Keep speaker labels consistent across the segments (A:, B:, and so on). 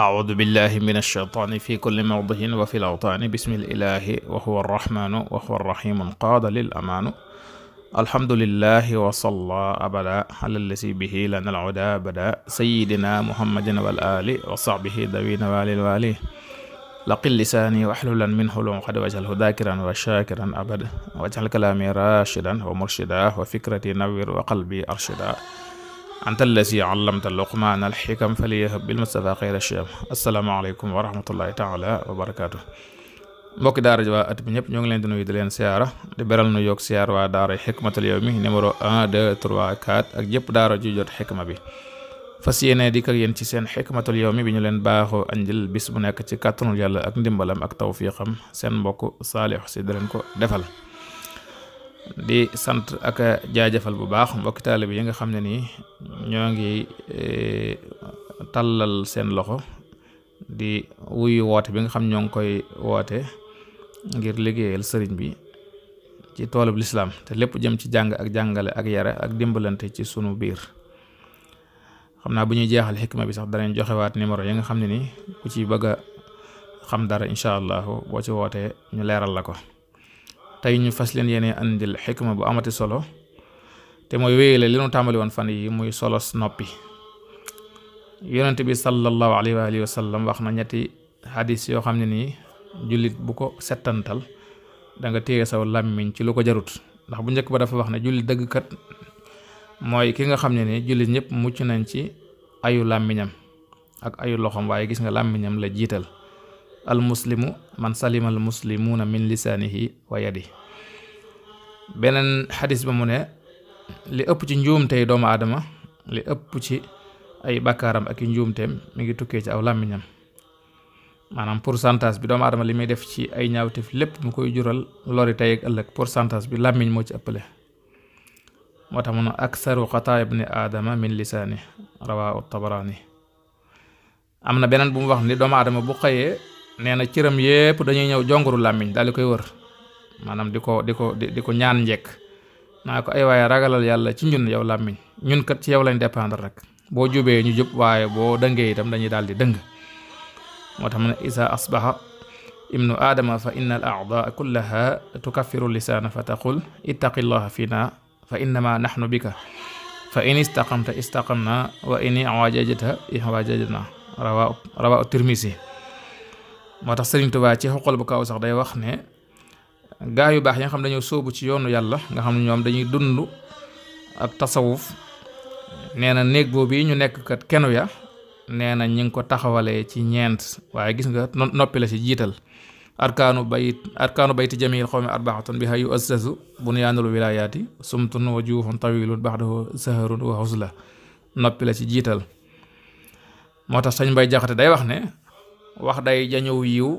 A: acudu billahi min alcheytaani fi kulli mawdihin wa fi lawtaani bismi lilahi wa huwa arrahmaanu wa huwa arrahimu qaada lil amaanu alhamdulilahi wa salla abada alallasi bihi lana alhuda bada sayidina muhammadin wal ali wa saxbihi dawina walil wali laqil lisaani waxlulan minhu lunqad waj'alhu daakiran wa shaakiran abada waj'al kalaami raashidan wa murshidan wa fikrati nawwir wa qalbi arshida anta allasi allamta luqmaana alxikam faliyahab bil mustafa a shiyam asalaamaaleykum wa rahmatullahi taala wa barakaatu mbokki daara ji waa at bi ñëpp ñoo ngi leen di nuyu di leen siyaara di beral nu yoog siyaar waa daara xikmatul yawmi numéro 1 2 ak jëpp daara ju jot xikma bi fas yéene dikk ak yéen ci seen xikmatul yawmi bi ñu leen baaxoo anjil bis bu nekk ci kàttanul yàlla ak ndimbalam ak tawfiqam seen mbokk saalix si leen ko defal di sant ak a jaajëfal bu baax mbokki taalibe yi nga xam ne nii ñoo ngi e, tàllal seen loxo di wuy woote bi nga xam ñoo ngi koy woote ngir liggéeyal sëriñ bi ci toolub lislaam te lépp jëm ci jàng ak jàngale ak yare ak dimbalante ci sunu biir xam naa bu ñuy jeexal xikma bi sax danañ joxewaat numéro yi nga xam ne nii ku ci bëgg a xam dara incha allah boo ci wootee ñu leeral la ko tey ñu fas leen yéene andil xikma bu amati solo te mooy wéyale li nu tàmbali woon fan yi muy solo noppi yonent bi sallallahu alayhi wa alihi sallam wax na ñetti xadis yoo xam ne nii jullit bu ko setantal danga nga téye saw làmmiñ ci lu ko jarut ndax bu njëkk ba dafa wax ne jullit kat mooy ki nga xam ne ni jullit ñëpp mucc nañ ci ayu làmmiñam ak ayu loxoom waaye gis nga làmmiñam la jiital al muslimu man salima al muslimuuna min lisaanihi wa yadi beneen xadis ba mu ne li ëpp ci njuumtey doomu aadama li ëpp ci ay bakkaaram ak i njuumteem mi ngi tukkee ci aw làmmiñam maanaam pour pourcentage bi doomu aadama li muy def ci ay ñaawteef lépp mu koy jural lori tey ak ëllëg pourcentage bi làmmiñ moo ci ëppale moo tax mu ne aksaru xataa ibni aadama min lisaani rawaahu tabaraani am na beneen bu mu wax ni doomu aadama bu xëyee nee na cëram yépp dañuy ñëw jonguru làmmiñ daal di koy wër maanaam di ko di ko di ko ñaan njekk naa ko ay waaye ragalal yàlla ci ñun yow làmmiñ ñun kat ci yow lañ dépendre rek boo jubee ñu jub waaye boo dëngee itam dañuy daal di dëng moo tax mu ne isa ibnu aadama fa in al kullaha tukaffiru lisaana fa taqul ittaqillaha fina fa innama nahnu bika fa in istaqamta istaqamna wa in i'wajajta i'wajajna rawa rawa tirmisi moo tax Sëriñ Tuubaa ci xoqal bu kaw sax day wax ne gaa yu baax yi nga xam dañoo sóobu ci yoonu yàlla nga xam ne ñoom dañuy dund ak tasawuf nee na néeg boobu yi ñu nekk kat kenu ya nee na ñi ngi ko taxawalee ci ñeent waaye gis nga noppi la ci jiital arkaanu bayit arkaanu bayti jamil xawmi arbaatun biha yu assasu bunyaanul wilayaati sumtun wa juufun tawilun baxdahu saharun wa xusla noppi la ci jiital moo tax sañ bay jaxate day wax ne wax day jañëw yiw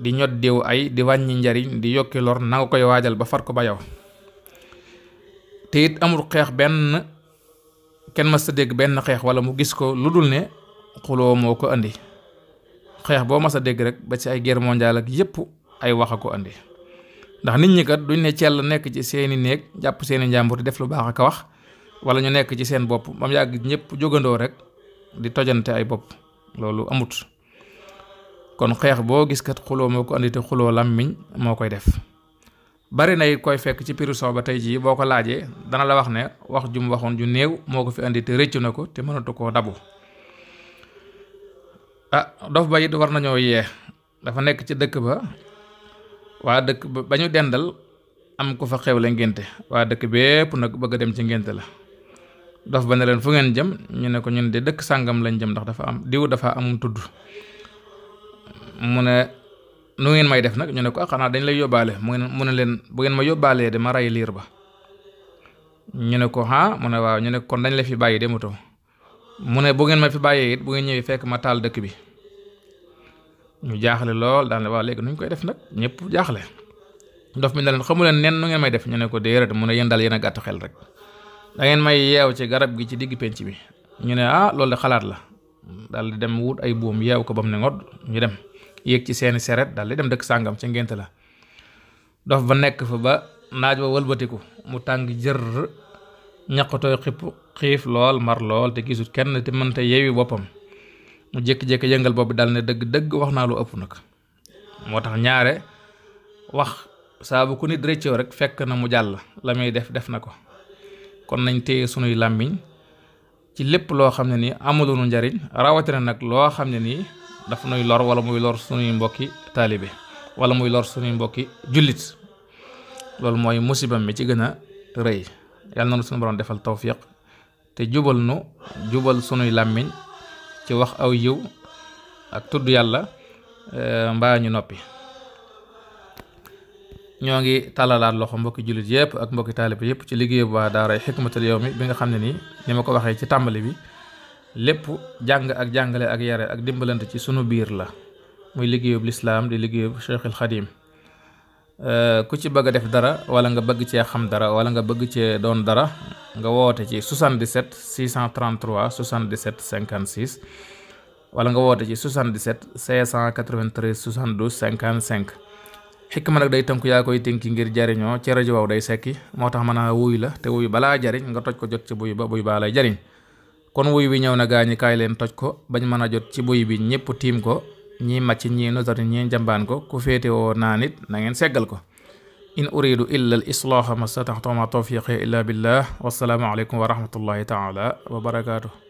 A: di ñot diw ay di wàññi njariñ di yokki lor nanga koy waajal ba far ko ba yow te it amul xeex benn kenn mës ta dégg benn xeex wala mu gis ko lu dul ne xuloo moo ko indi xeex boo mës a dégg rek ba ci ay guerre mondiale ak yépp ay wax a ko indi ndax nit ñi kat duñ ne cell nekk ci seeni néeg jàpp seeni njàmbur di def lu baax ak wax wala ñu nekk ci seen bopp bam yàgg ñëpp jógandoo rek di tojante ay bopp loolu amut kon xeex boo gis kat xuloo moo ko andi te xuloo làmmiñ moo koy def bari na koy fekk ci prison ba tey jii boo ko laajee dana la wax ne wax jum waxoon ju néew moo ko fi andi te rëccu na ko te mënatu koo dabu ah dof ba it war nañoo yee dafa nekk ci dëkk ba waa dëkk ba ñu dendal am ku fa xewle ngénte waa dëkk bépp nag bëgg a dem ci ngénte la dof ba ne leen fu ngeen jëm ñu ne ko ñun de dëkk sàngam lañ jëm ndax dafa am diw dafa amum tudd mu ne nu ngeen may def nag ñu ne ko ah xanaa dañ lay yóbbaale mu ngeen mu ne leen bu ngeen ma yóbbaalee de ma rey liir ba ñu ne ko ah mu ne waaw ñu ne kon dañ la fi bàyyi demutoo mu ne bu ngeen ma fi bàyyee it bu ngeen ñëwee fekk ma taal dëkk bi ñu jaaxle lool daan la waaw léegi koy def nag ñëpp jaaxle ndof mi na leen xamu leen nen nu ngeen may def ñu ne ko déedéet mu ne yéen daal yéen a gàtt xel rek da ngeen may yeew ci garab gi ci digg pénc bi ñu ne ah loolu xalaat la daal dem wut ay buum yeew ko ba mu ne ngodd ñu dem. yéeg ci seeni seret dal di dem dëkk sàngam ca ngénte la dof ba nekk fa ba naaj wa wëlbatiku mu tàng jër ñaqatooy xipp xiif lool mar lool te gisut kenn te mënta yeewi boppam mu jékki-jékki yëngal boobu dal ne dëgg-dëgg wax naa lu ëpp nag moo tax ñaare wax saa ku nit rëccoo rek fekk na mu jàll la muy def def na ko kon nañ téye sunuy làmmiñ ci lépp loo xam ne nii amulunu njariñ rawatina nag loo xam ne nii daf nuy lor wala muy lor sunuy mbokki taalibe wala muy lor sunuy mbokki jullit loolu mooy musibam mi ci gën a rëy yàlla na nu sunu borom defal tawfiq te jubal nu jubal sunuy làmmiñ ci wax aw yiw ak tudd yàlla e, mbaa ñu noppi ñoo ngi tàllalaat loxo mbokki jullit yëpp ak mbokki taalibe yëpp ci liggéey bu waa daaray xikmatul mi bi nga xam ne nii ni ma ko waxee ci tàmbali bi lépp jàng ak jàngale ak yare ak dimbalante ci sunu biir la muy liggéeyub lislaam di liggéeyub Cheikhul Xadim euh, ku ci bëgg def dara wala nga bëgg cee xam dara wala nga bëgg cee doon dara nga woote ci 77 633 77 56 wala nga woote ci 77 693 72 55 ma nag day tënku yaa koy tinki ngir jariñoo ci rajo waaw day sekki moo tax mën a wuy la te wuy balaa jariñ nga toj ko jot ci buy ba buy baa lay jariñ kon wuy bi ñëw na gaañukaay leen toj ko bañ mën a jot ci buy bi ñëpp tiim ko ñii màcc ñii nosati ñii jambaan ko ku féete woo naa nit na ngeen seggal ko in uridu illa al islaaha tax stataxtu ma tawfiqi illa billah wassalaamu aleykum wa rahmatullahi taala wa barakaatu